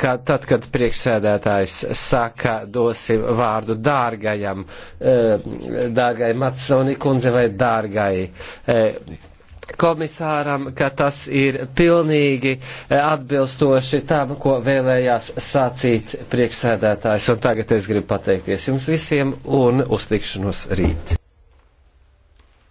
ka tad, kad priekšsēdētājs saka, dosim vārdu dārgajam, e, dārgai Matsoni kundze vai dārgai e, komisāram, ka tas ir pilnīgi e, atbilstoši tam, ko vēlējās sacīt priekšsēdētājs. Un tagad es gribu pateikties jums visiem un uztikšanos rīt.